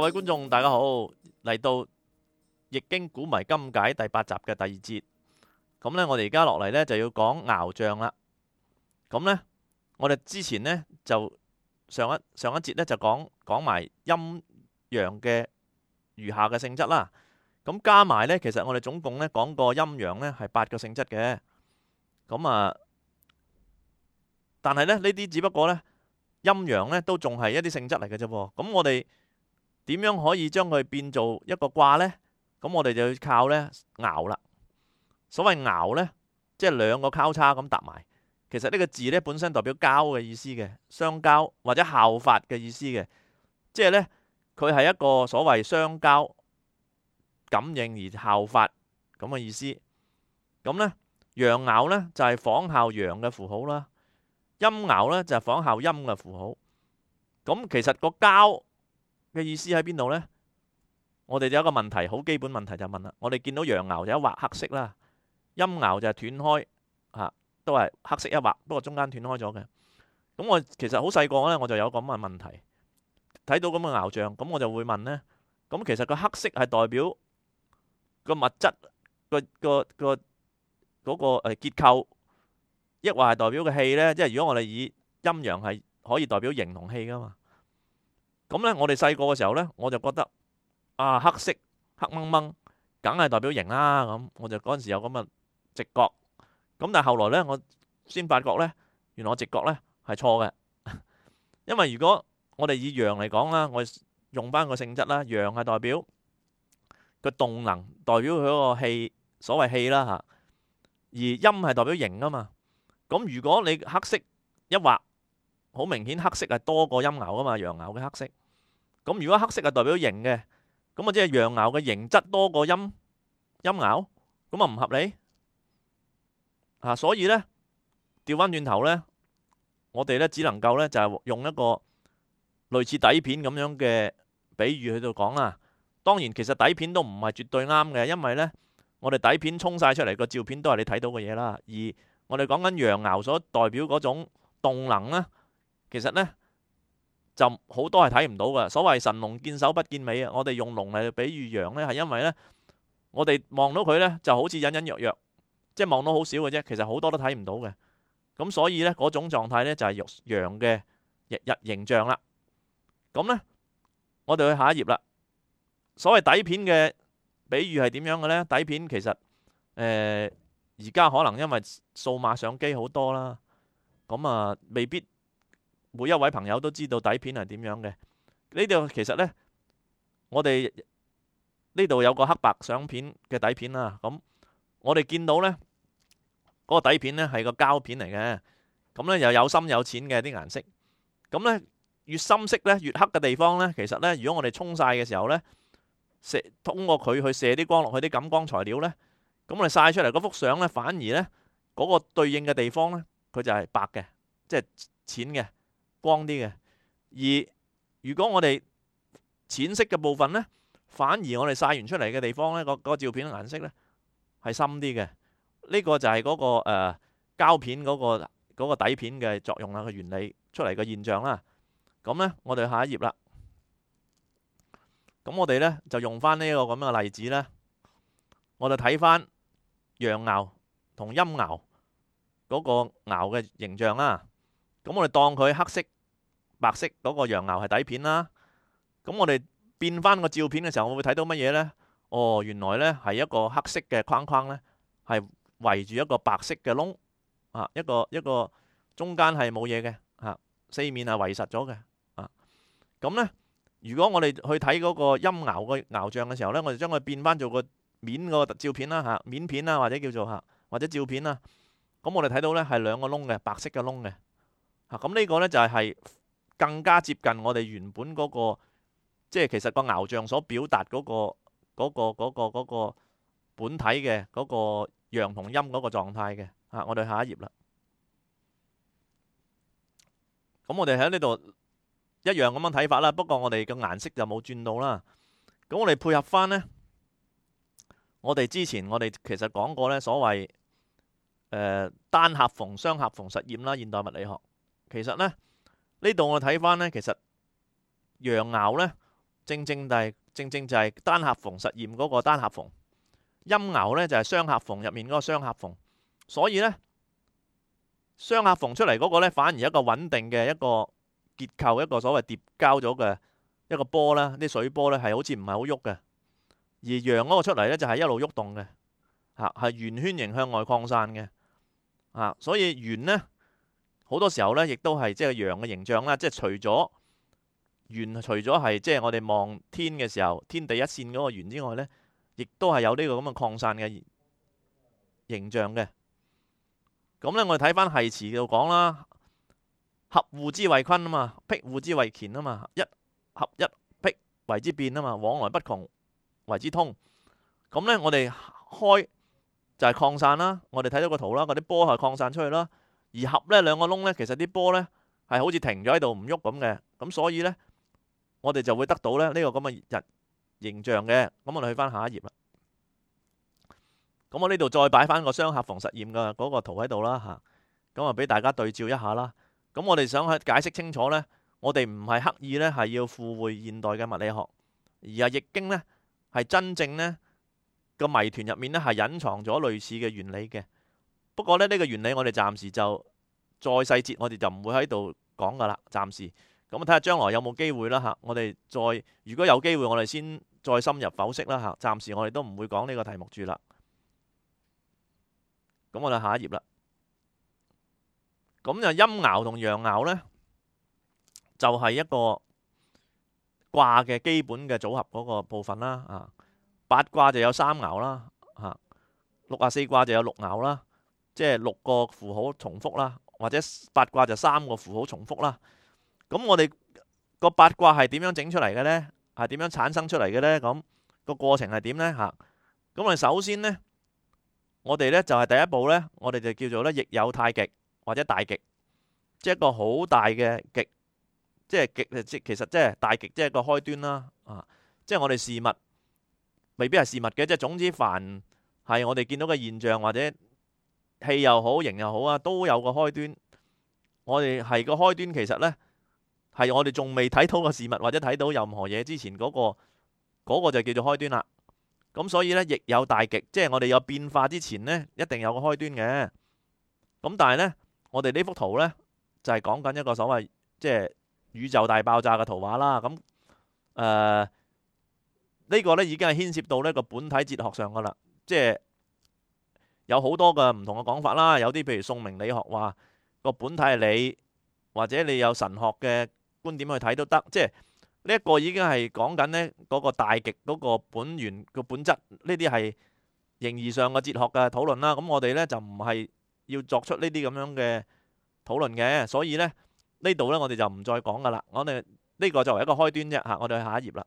各位觀眾，大家好，嚟到《易經古謎今解》第八集嘅第二節，咁咧，我哋而家落嚟咧就要講爻象啦。咁咧，我哋之前咧就上一上一節咧就講講埋陰陽嘅餘下嘅性質啦。咁加埋咧，其實我哋總共咧講過陰陽咧係八個性質嘅。咁啊，但係咧呢啲只不過咧陰陽咧都仲係一啲性質嚟嘅啫噃。咁我哋。點樣可以將佢變做一個卦呢？咁我哋就要靠呢爻啦。所謂爻呢，即係兩個交叉咁搭埋。其實呢個字呢本身代表交嘅意思嘅，相交或者效法嘅意思嘅。即係呢，佢係一個所謂相交感應而效法咁嘅意思。咁呢，陽爻呢就係仿效陽嘅符號啦，陰爻呢就係仿效陰嘅符號。咁其實個交。嘅意思喺邊度呢？我哋就有一個問題，好基本問題就問啦。我哋見到陽爻就一畫黑色啦，陰爻就係斷開，吓都係黑色一畫，不過中間斷開咗嘅。咁我其實好細個呢，我就有咁嘅問題，睇到咁嘅爻象，咁我就會問呢：咁其實個黑色係代表個物質，個個個嗰個結構，抑或係代表個氣呢？即係如果我哋以陰陽係可以代表形同氣噶嘛？咁咧，我哋細個嘅時候咧，我就覺得啊，黑色黑掹掹，梗係代表形啦。咁我就嗰陣時有咁嘅直覺。咁但係後來咧，我先發覺咧，原來我直覺咧係錯嘅。因為如果我哋以陽嚟講啦，我用翻個性質啦，陽係代表個動能，代表佢個氣，所謂氣啦吓。而陰係代表形啊嘛。咁如果你黑色一畫。好明顯，黑色係多過陰爻啊嘛，陽爻嘅黑色。咁如果黑色係代表形嘅，咁啊即係陽爻嘅形質多過陰陰爻，咁啊唔合理嚇。所以呢，調翻轉頭呢，我哋呢只能夠呢就係用一個類似底片咁樣嘅比喻去到講啊。當然其實底片都唔係絕對啱嘅，因為呢我哋底片沖曬出嚟個照片都係你睇到嘅嘢啦。而我哋講緊陽爻所代表嗰種動能咧，其實呢，就好多係睇唔到㗎。所謂神龍見首不見尾啊！我哋用龍嚟比喻陽呢，係因為呢，我哋望到佢呢，就好似隱隱約約，即係望到好少嘅啫。其實好多都睇唔到嘅。咁所以呢，嗰種狀態呢就係陽嘅日日形象啦。咁呢，我哋去下一頁啦。所謂底片嘅比喻係點樣嘅呢？底片其實而家、呃、可能因為數碼相機好多啦，咁啊未必。每一位朋友都知道底片係點樣嘅，呢度其實呢，我哋呢度有個黑白相片嘅底片啊。咁我哋見到呢，嗰個底片呢，係個膠片嚟嘅。咁呢，又有深有淺嘅啲顏色。咁呢，越深色呢，越黑嘅地方呢，其實呢，如果我哋沖晒嘅時候呢，射通過佢去射啲光落去啲感光材料呢，咁我哋晒出嚟嗰幅相呢，反而呢，嗰個對應嘅地方呢，佢就係白嘅，即係淺嘅。光啲嘅，而如果我哋淺色嘅部分呢，反而我哋晒完出嚟嘅地方呢，個照片嘅顏色呢，係深啲嘅。呢、呢個就係嗰、嗰個誒膠、呃、片嗰、嗰個、嗰個底片嘅作用啦，個原理出嚟嘅現象啦。咁呢，我哋下一頁啦。咁我哋呢，就用翻呢個咁樣嘅例子咧，我哋睇翻陽爻同陰爻嗰個爻嘅形象啦。咁我哋當佢黑色。白色嗰個陽爻係底片啦，咁我哋變翻個照片嘅時候，我會睇到乜嘢呢？哦，原來呢係一個黑色嘅框框呢，係圍住一個白色嘅窿啊。一個一個中間係冇嘢嘅啊，四面係圍實咗嘅啊。咁呢，如果我哋去睇嗰個陰爻嘅爻象嘅時候呢，我哋將佢變翻做個面個照片啦，吓、啊、面片啦，或者叫做吓或者照片啦。咁我哋睇到呢係兩個窿嘅白色嘅窿嘅啊。咁呢個呢就係、是。更加接近我哋原本嗰、那個，即係其實個牛象所表達嗰、那個嗰、那個那個那個那個本體嘅嗰、那個陽同陰嗰個狀態嘅，啊，我哋下一頁啦。咁我哋喺呢度一樣咁樣睇法啦，不過我哋嘅顏色就冇轉到啦。咁我哋配合翻呢，我哋之前我哋其實講過呢所謂誒、呃、單隙縫、雙隙縫實驗啦，現代物理學其實呢。呢度我睇返呢，其實陽爻呢正正係正正就係單狹縫實驗嗰個單狹縫，陰爻呢就係雙狹縫入面嗰個雙狹縫，所以呢，雙狹縫出嚟嗰個呢反而一個穩定嘅一個結構，一個所謂疊加咗嘅一個波啦，啲水波呢係好似唔係好喐嘅，而陽嗰個出嚟呢，就係一路喐動嘅，嚇係圓圈形向外擴散嘅，所以圓呢。好多時候呢，亦都係即係陽嘅形象啦。即係除咗圓，除咗係即係我哋望天嘅時候，天地一線嗰個圓之外呢，亦都係有呢個咁嘅擴散嘅形象嘅。咁呢，我哋睇翻繫辭就講啦，闔戶之為坤啊嘛，闢戶之為乾啊嘛，一闔一闢為之變啊嘛，往來不窮為之通。咁呢，我哋開就係擴散啦。我哋睇到個圖啦，嗰啲波係擴散出去啦。而合咧兩個窿咧，其實啲波咧係好似停咗喺度唔喐咁嘅，咁所以咧我哋就會得到咧呢個咁嘅日影像嘅。咁我哋去翻下一頁啦。咁我呢度再擺翻個雙盒房實驗嘅嗰個圖喺度啦，嚇。咁啊俾大家對照一下啦。咁我哋想去解釋清楚咧，我哋唔係刻意咧係要附會現代嘅物理學，而係易經咧係真正咧個謎團入面咧係隱藏咗類似嘅原理嘅。不過呢，呢個原理我哋暫時就再細節，我哋就唔會喺度講噶啦。暫時咁啊，睇下將來有冇機會啦。吓，我哋再如果有機會，我哋先再，再深入剖析啦。吓，暫時我哋都唔會講呢個題目住啦。咁我哋下一頁啦。咁就陰爻同陽爻呢，就係一個卦嘅基本嘅組合嗰個部分啦。啊，八卦就有三爻啦，吓六啊四卦，就有六爻啦。即係六個符號重複啦，或者八卦就三個符號重複啦。咁我哋個八卦係點樣整出嚟嘅呢？係點樣產生出嚟嘅呢？咁、那個過程係點呢？吓、啊，咁我哋首先呢，我哋呢就係、是、第一步呢，我哋就叫做呢：「易有太極或者大極，即係一個好大嘅極，即係極，即其實即係大極，即係個開端啦、啊。即係我哋事物未必係事物嘅，即係總之凡係我哋見到嘅現象或者。氣又好，形又好啊，都有個開端。我哋係個開端，其實呢係我哋仲未睇到個事物或者睇到任何嘢之前嗰個嗰個就叫做開端啦。咁所以呢，亦有太極，即係我哋有變化之前呢，一定有個開端嘅。咁但係呢，我哋呢幅圖呢，就係講緊一個所謂即係宇宙大爆炸嘅圖畫啦。咁誒，呢個呢，已經係牽涉到呢個本體哲學上噶啦，即係。有好多嘅唔同嘅講法啦，有啲譬如宋明理學話個本體係你，或者你有神學嘅觀點去睇都得，即係呢一個已經係講緊呢個太極嗰個本源嘅本質，呢啲係形而上嘅哲學嘅討論啦。咁我哋呢就唔係要作出呢啲咁樣嘅討論嘅，所以呢呢度呢，我哋、這個、就唔再講噶啦。我哋呢個作為一個開端啫嚇，我哋去下一頁啦。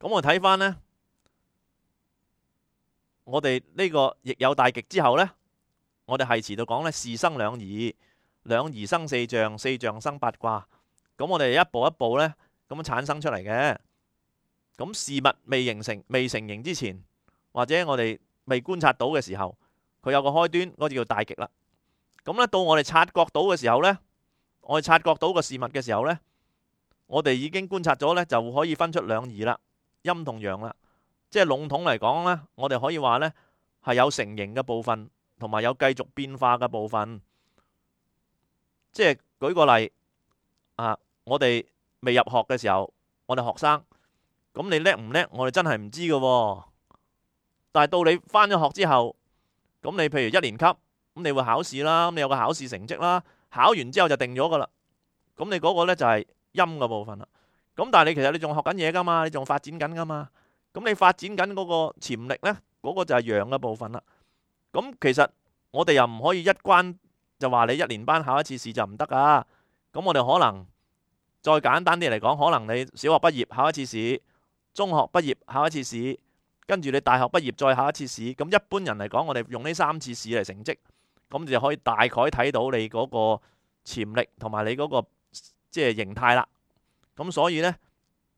咁我睇翻呢。我哋呢個易有太極之後呢，我哋係繫辭度講呢。是生兩儀，兩儀生四象，四象生八卦。咁我哋一步一步呢，咁樣產生出嚟嘅。咁事物未形成，未成形之前，或者我哋未觀察到嘅時候，佢有個開端，嗰就叫太極啦。咁呢，到我哋察覺到嘅時候呢，我哋察覺到個事物嘅時候呢，我哋已經觀察咗呢，就可以分出兩儀啦，陰同陽啦。即係籠統嚟講咧，我哋可以話咧係有成形嘅部分，同埋有繼續變化嘅部分。即係舉個例，啊，我哋未入學嘅時候，我哋學生，咁你叻唔叻，我哋真係唔知嘅。但係到你返咗學之後，咁你譬如一年級，咁你會考試啦，咁你有個考試成績啦，考完之後就定咗噶啦。咁你嗰個咧就係陰嘅部分啦。咁但係你其實你仲學緊嘢噶嘛，你仲發展緊噶嘛。咁你發展緊嗰個潛力呢，嗰個就係陽嘅部分啦。咁其實我哋又唔可以一關就話你一年班考一次試就唔得㗎。咁我哋可能再簡單啲嚟講，可能你小學畢業考一次試，中學畢業考一次試，跟住你大學畢業再考一次試。咁一般人嚟講，我哋用呢三次試嚟成績，咁就可以大概睇到你嗰個潛力同埋你嗰個即係形態啦。咁所以呢，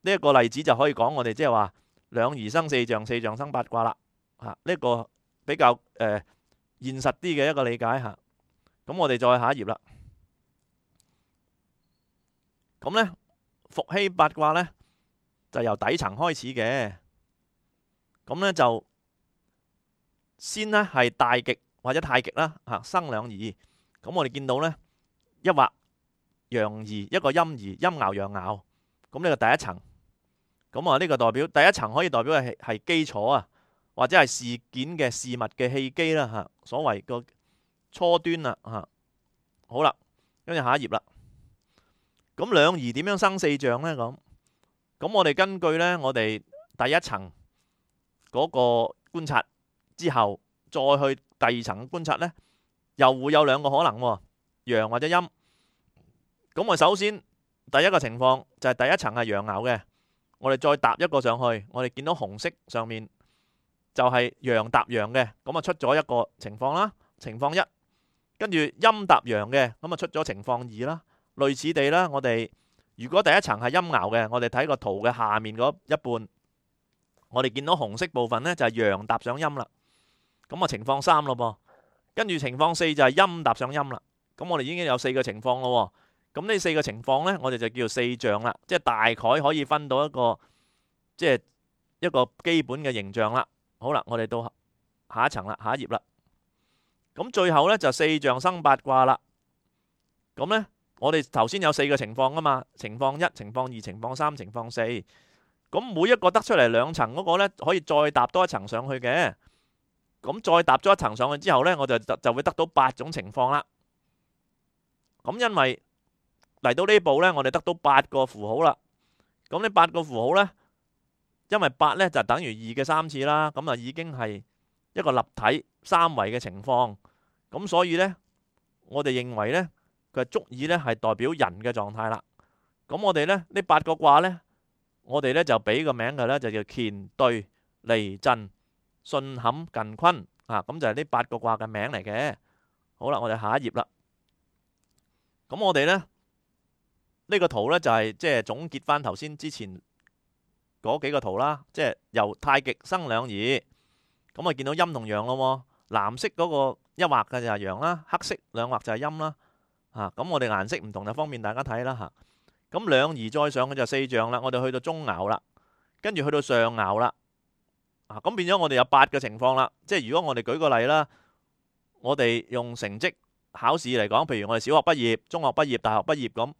呢一個例子就可以講我哋即係話。兩儀生四象，四象生八卦啦。吓，呢個比較誒、呃、現實啲嘅一個理解吓。咁、啊、我哋再下一頁啦。咁呢伏羲八卦呢，就由底層開始嘅。咁呢就先呢係大極或者太極啦。吓、啊，生兩儀。咁我哋見到呢，一畫陽儀，一個陰儀，陰爻陽爻。咁呢個第一層。咁啊，呢個代表第一層可以代表係，係基礎啊，或者係事件嘅事物嘅契機啦。嚇，所謂個初端啦。嚇，好啦，跟住下一頁啦。咁兩儀點樣生四象呢？咁咁，我哋根據呢，我哋第一層嗰個觀察之後，再去第二層觀察呢，又會有兩個可能喎，陽或者陰。咁我首先第一個情況就係第一層係陽爻嘅。我哋再搭一個上去，我哋見到紅色上面就係陽搭陽嘅，咁啊出咗一個情況啦。情況一，跟住陰搭陽嘅，咁啊出咗情況二啦。類似地啦，我哋如果第一層係陰爻嘅，我哋睇個圖嘅下面嗰一半，我哋見到紅色部分呢，就係陽搭上陰啦。咁啊情況三咯噃，跟住情況四就係陰搭上陰啦。咁我哋已經有四個情況咯。咁呢四個情況呢，我哋就叫四象啦，即係大概可以分到一個，即係一個基本嘅形象啦。好啦，我哋到下一層啦，下一頁啦。咁最後呢，就四象生八卦啦。咁呢，我哋頭先有四個情況啊嘛，情況一、情況二、情況三、情況四。咁每一個得出嚟兩層嗰個呢，可以再搭多一層上去嘅。咁再搭咗一層上去之後呢，我就就就會得到八種情況啦。咁因為嚟到呢步呢，我哋得到八個符號啦。咁呢八個符號呢，因為八呢就等於二嘅三次啦。咁啊，已經係一個立體三維嘅情況。咁所以呢，我哋認為呢，佢足以呢係代表人嘅狀態啦。咁我哋呢，呢八個卦呢，我哋呢就俾個名嘅呢，就，就叫乾兌離震巽坎艮坤啊。咁就係呢八個卦嘅名嚟嘅。好啦，我哋下一頁啦。咁我哋呢。呢個圖呢就係即係總結翻頭先之前嗰幾個圖啦，即係由太極生兩儀，咁啊見到陰同陽咯。藍色嗰個一畫嘅就係陽啦，黑色兩畫就係陰啦。啊，咁我哋顏色唔同就方便大家睇啦。嚇，咁兩儀再上嘅就四象啦。我哋去到中爻啦，跟住去到上爻啦。啊，咁變咗我哋有八個情況啦。即係如果我哋舉個例啦，我哋用成績考試嚟講，譬如我哋小學畢業、中學畢業、大學畢業咁。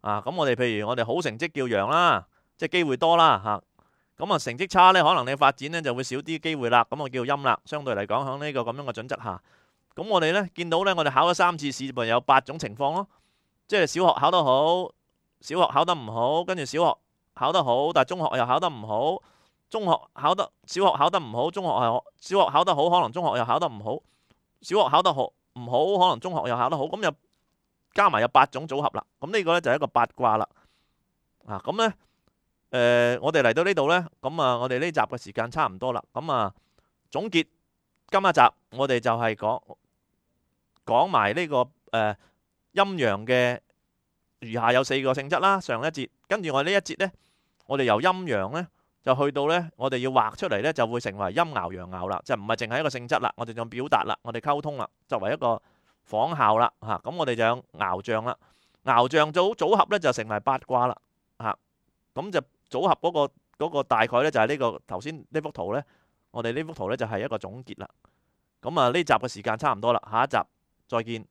啊，咁我哋譬如我哋好成績叫陽啦，即係機會多啦吓，咁啊成績差呢，可能你發展呢就會少啲機會啦，咁啊叫陰啦。相對嚟講，喺呢個咁樣嘅準則下，咁我哋呢，見到呢，我哋考咗三次試，共有八種情況咯，即係小學考得好，小學考得唔好，跟住小學考得好，但係中學又考得唔好，中學考得小學考得唔好，中學係小學考得好，可能中學又考得唔好，小學考得好，唔好，可能中學又考得好，咁又。加埋有八種組合啦，咁呢個咧，就係一個八卦啦，啊咁咧，誒我哋嚟到呢度咧，咁啊我哋呢集嘅時間差唔多啦，咁啊總結今一集我哋就係講講埋呢個誒陰陽嘅餘下有四個性質啦，上一節跟住我呢一節咧，我哋由陰陽咧就去到咧，我哋要畫出嚟咧就會成為陰爻陽爻啦，就唔係淨係一個性質啦，我哋仲要表達啦，我哋溝通啦，作為一個。仿效啦，嚇，咁我哋就有熬象啦，熬象組組合咧就成為八卦啦，嚇，咁就組合嗰個嗰個大概咧就係呢個頭先呢幅圖咧，我哋呢幅圖咧就係一個總結啦。咁啊呢集嘅時間差唔多啦，下一集再見。